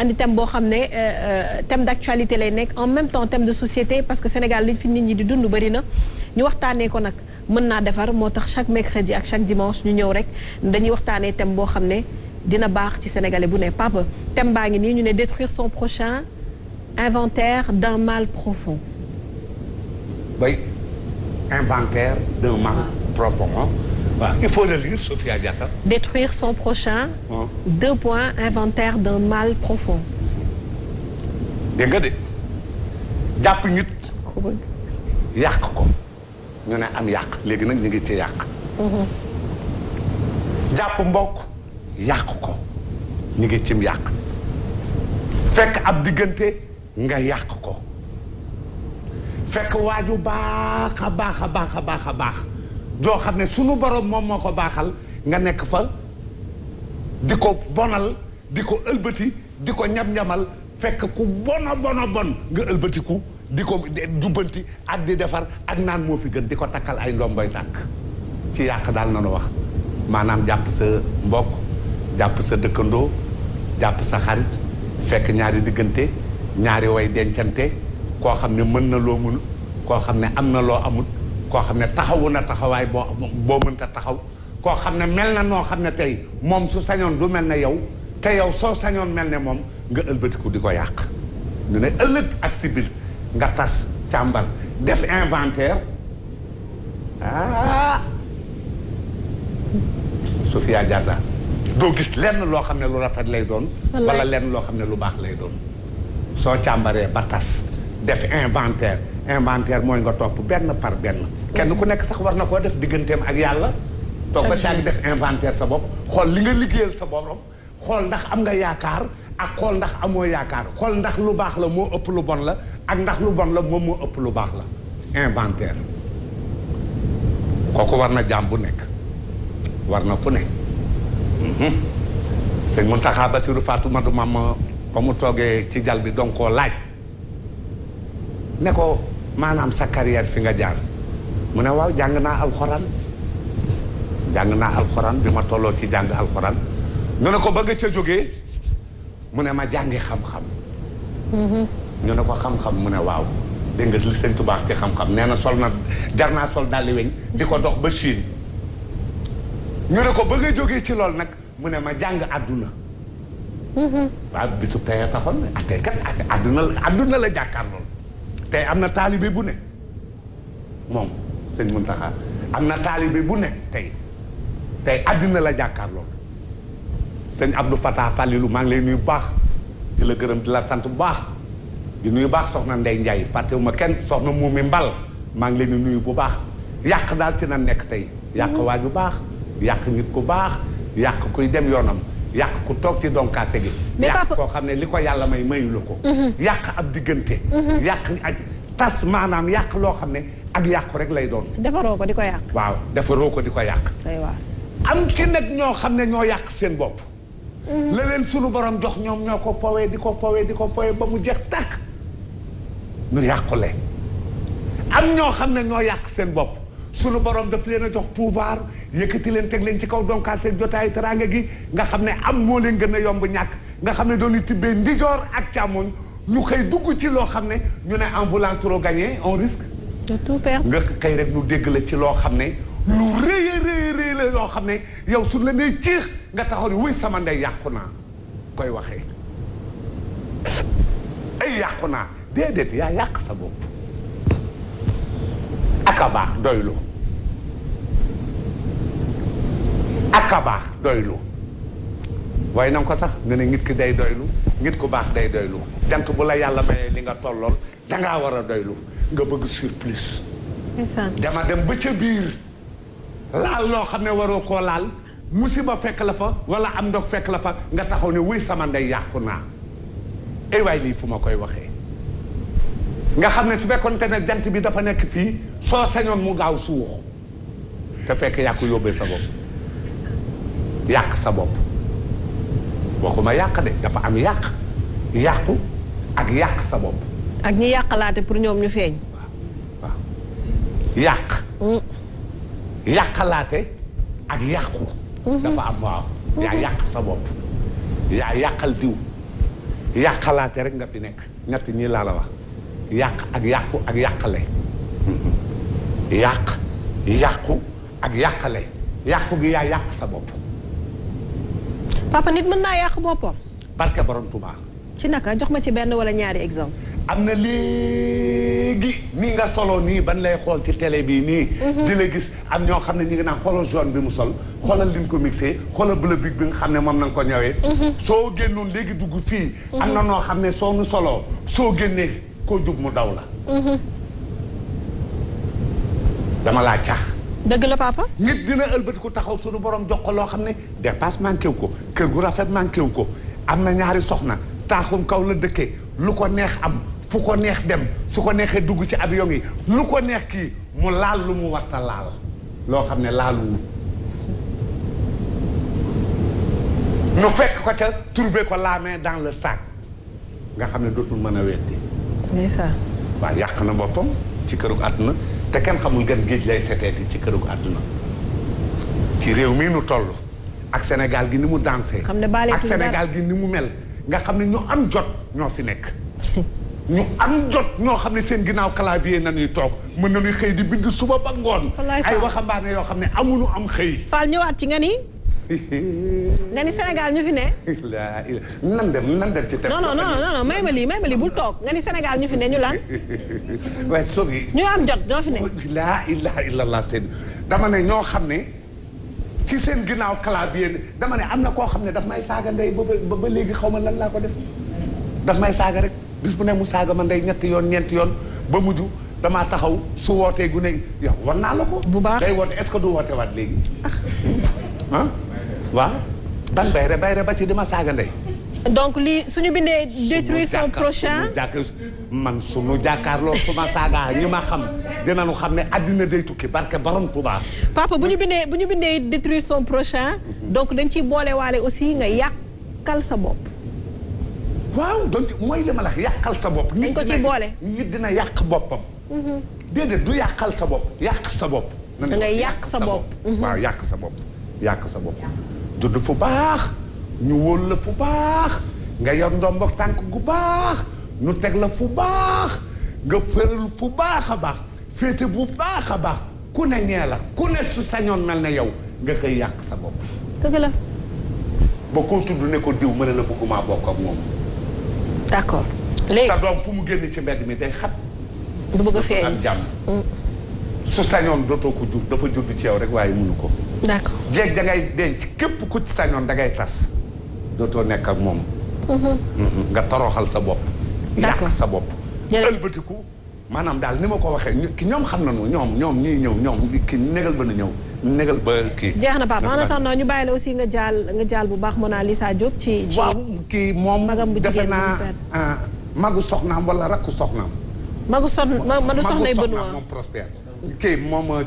andi thème boo xam ne euh, euh, thème d'actualité lay nekk en même temps thème de société parce que Sénégal liñ fi nit ñi di dund bari na ñu waxtaanee ko nag mën naa defar moo tax chaque mercredi ak chaque dimanche ñu ñëw rek dañuy waxtaanee thème boo xam ne dina baax ci sénégalais bu ne papa thème baa ngi nii ñu ne détruire son prochain inventaire d'un mal profond. oui inventaire d'un mal profond. waaw il faut le lire Sofia Diatta. détruire son prochain. Oh. deux points inventaire d'un mal profond. dégg nga de jàpp nit. yàq ko ñu ne am yàq léegi nag ñu ngi ci yàq. Mhm. jàpp mbokk yàq ko ñu ngi cim yàq. fekk ab diggante nga yàq ko. fekk waaju baax a baax a baax a baax a baax. joo xam ne sunu borom moom moo ko baaxal nga nekk fa di ko bonal di ko ëlbati di ko ñam njamal fekk ku bona bona bon nga ëlbatiku di ko jubbanti ak di defar ak naan moo fi gën di ko takkal ay ndomboy tànk ci yàq daal nanu wax maanaam jàpp sa mbokk jàpp sa dëkkandoo jàpp sa xarit fekk ñaari diggante ñaari way dencante koo xam ne mën na loo mënul koo xam ne am na loo amul koo xam ne taxawu na taxawaay boo boo mënta taxaw koo xam ne mel na noo xam ne tey moom su sañoon lu mel ne yow te yow soo sañoon mel ne moom nga ëlbatiku di ko yàq ñu ne ëllëg ak si nga tas càmbar def inventaire ah Sofia Diatta doo gis lenn loo xam ne lu rafet lay doon wala lenn loo xam ne lu baax lay doon soo càmbaree ba tas def inventaire inventaire mooy nga topp benn par benn kenn ku nekk sax war na koo def digganteem ak yàlla toog ba saa ngi def inventaire sa bopp xool li nga liggéeyal sa borom xool ndax am nga yaakaar ak xool ndax amoo yaakaar xool ndax lu baax la moo ëpp lu bon la ak ndax lu bon la moom moo ëpp lu baax la inventaire kooku war na jaam bu nekk war na ku ne mhm. sëñ Muntaxa Basiru Faatu ma du mam ba mu toogee ci jal bi donc koo laaj ne ko maanaam sa carrière fi nga jaar mu ne waaw jàng naa alxuraan jàng naa alxuraan bi ma tolloo ci jàng alxuraan ñu ne ko bëgg nga ca jóge mu ne ma jàngi xam-xam mm-hmm. ñu ne ko xam-xam mu ne waaw dégg nga li sëñ tubaax ci xam-xam nee na sol na jar naa sol dàlli weñ di ko dox ba Chine ñu ne ko bëgg nga jógee ci lool nag mu ne ma jàng àdduna mm-hmm. waaw bisu paya taxoon atteekat àdduna la àdduna la jàkkaar lool tey am na taalibe bu ne moom sëñ Muntaxa am na taalibe bu ne tey tey àddina la jàkkaar loolu sëñ Abdou Fatah Fallilou maa ngi lay nuyu baax di la gërëm di la sant bu baax di nuyu baax soxna Ndey Njaay fàttewuma kenn soxna Muumi Mbal maa ngi leen di nuyu bu baax yàq daal ci na nekk tey yàq waaju baax yàq nit ku baax yàq kuy dem yoonam yàq ku toog ci donkaase gi yàq koo xam ne li ko yàlla may mayu ko mhm. yàq ab diggante mhm. yàq ak tas maanaam yàq loo xam ne ak yàqu rek lay doon defaroo ko di ko yàq waaw defaroo ko di ko yàq am ci nag ñoo xam ne ñoo yàq seen bopp mhm. la leen sunu borom jox ñoom ñoo ko di ko fowee di ko fowee ba mu jeex tàkk ñu yàqule am ñoo xam ne ñoo yàq seen bopp daf leen a jox pouvoir yëkkati leen teg leen ci kaw doncaaseeg jotaayu teraanga gi nga xam ne am moo leen gën a yomb ñàkk nga xam ne doon tibbee ndijoor ak càmmoñ ñu xëy dugg ci loo xam ne ñu ne en voulant trop gagner on risque de tout perdre nga xëy rek ñu dégg la ci loo xam ne lu rëy a la yoo xam ne yow su la nee ciix nga taxaw ni wuy sama ndey yàqu naa koy waxee ay yàqu naa déedéet yaa yàq sa bopp aka baax doylu ak a baax doylu waaye nan ko sax nga ne nit ki day doylu ngit ku baax day doylu jant bu la yàlla mayee li nga tollool dangaa war a doylu nga bëgg surplus dama dem ba ca biir laal loo xam ne waroo koo laal musiba fekk la fa wala am ndog fekk la fa nga taxaw ne wuy sama ndey yàqu naa ay waay lii fu ma koy waxee nga xam ne su fekkoonte ne jant bi dafa nekk fii soo sañoon mu gaaw suux te fekk yàqu ko yóbbee sa bopp yàq sa bopp waxuma yàq de dafa am yàq yàqu ak yàq sa bopp. ak ñi yàqalaate pour ñoom ñu feeñ. waaw yàq. Mm. yàqalaate ak yàqu. Mm-hmm. dafa am waaw. Mm-hmm. yaa yàq sa bopp. yaa yàqal diw. yàqalaate rek nga fi nekk ñett ñii laa la wax yàq ak yàqu ak yàqale. Mm-hmm. yàq yàqu ak yàqale yàqu gi yaa yàq sa bopp. papa nit mën naa yàq boppam. barke borom Touba. ci naka jox ma ci benn wala ñaari exemple. am na léegi nii nga solo nii ban lay xool ci télé bii nii. Mhm. di la gis am ñoo xam ne ñu ngi naa xoolal jaune bi mu sol. xoolal li ñu ko mixé xoolal bleu bi bi nga xam ne moom na nga ko ñëwee. Mhm. soo génnoon léegi dugg fii. Mhm. am na noo xam ne soo nu soloo soo génnee koo jub mu daw la. dama laa cax. dëgg la papa. nit dina ëlbati ko taxaw suñu borom jox ko loo xam ne dépasse manqué wu ko kër gu rafet manqué wu ko am na ñaari soxna taaxum kaw la dëkkee lu ko neex am fu ko neex dem su ko neexee dugg ci avion yi lu ko neex kii mu laal lu mu warta laal loo xam ne laalu nu fekk ko ca trouver ko la dans le sac nga xam ne dootul mën a wetti ndeysaan waaw yàq na boppam ci këru àdduna te kenn xamul gan géej lay seteeti ci këru àdduna ci réew mii nu toll ak Sénégal gi ni mu dansé ak Sénégal gi ni mu mel nga xam ne ñu am jot ñoo ci nekk ñu am jot ñoo xam ne seen ginnaaw clavier nañuy toog mën nañuy xëy di bind suba ba ngoon ay waxambaane yoo xam ne amu amuñu am xëy Fall ñëwaat ci nga ni nga ni Sénégal ñu fi ne. nan dem nan dem ci. non non non non may ma lii may ma lii bul toog nga ni senegal ñu fi ne ñu lan. waaye soo ñu am jot ñoo fi ne. laa ilaha illallah seen dama ne ñoo xam ne ci seen ginnaaw clavier dama am na koo xam ne daf may saaga ndey ba ba léegi xaw ma lan laa ko def. daf may saaga rek bis bu ne mu saaga ma ndey ñetti yoon ñeenti yoon ba mujj damaa taxaw su wootee gune yow war naa la ko. bu baax day woote est-ce que du woote waat léegi ah. waaw ban bayre bayre ba ci dama saaga ndey donc lii suñu bindee détruire son prochain man suñu jàkkaarloo su ma saaga ñu ma xam dinañu xam ne àddina day tukki barke borom Tuubaa papa bu ñu bindee bu ñu bindee détruire son prochain donc dañ ciy boolewaale aussi nga yàqal sa bopp waaw donc mooy li ma la yàqal sa bopp dañ ko ci boole nit dina yàq boppam mhm. déedéet du yàqal sa bopp yàq sa bopp da ngay yàq sa bopp mhm. waaw yàq sa bopp yàq sa bopp judd fu baax ñu wóol la fu baax nga yor ndombo tànk gu baax ñu teg la fu baax nga fëral fu baax a baax féete bu baax a baax ku ne ñee la ku ne su sañoon mel ne yow nga koy yàq sa bopp. dëgg la. ba koo tudd ne ko diw mën na la bëgguma bokk ak moom. d'accord léegi sa doom fu mu génn ci mbedd mi day xat. du bëgg a feeñ mm. su sañoon dootoo ko jur dafa judd ci yow rek waaye munu ko. d'accord jeeg ja ngay denc képp ku ci sañoon da ngay tas dootoo nekk ak moom. Mhm. Mhm. nga toroxal sa bopp. d'accord yàq sa bopp. ëlbatiku maanaam daal ni ma ko waxee ki ñoom xam na nañu ñoom ñoom ñii ñëw ñoom ki négal ba na ñëw. negal ba kii. jeex na a en attendant ñu bàyyi la aussi nga jaal nga jaal bu baax Mona Lisa Diop. ci ci waaw kii moom defe naa euh, magu soxnaam wala rakku soxnaam. magu soxna magu soxnay Benoît magu soxnaam moom prospère. kii moom.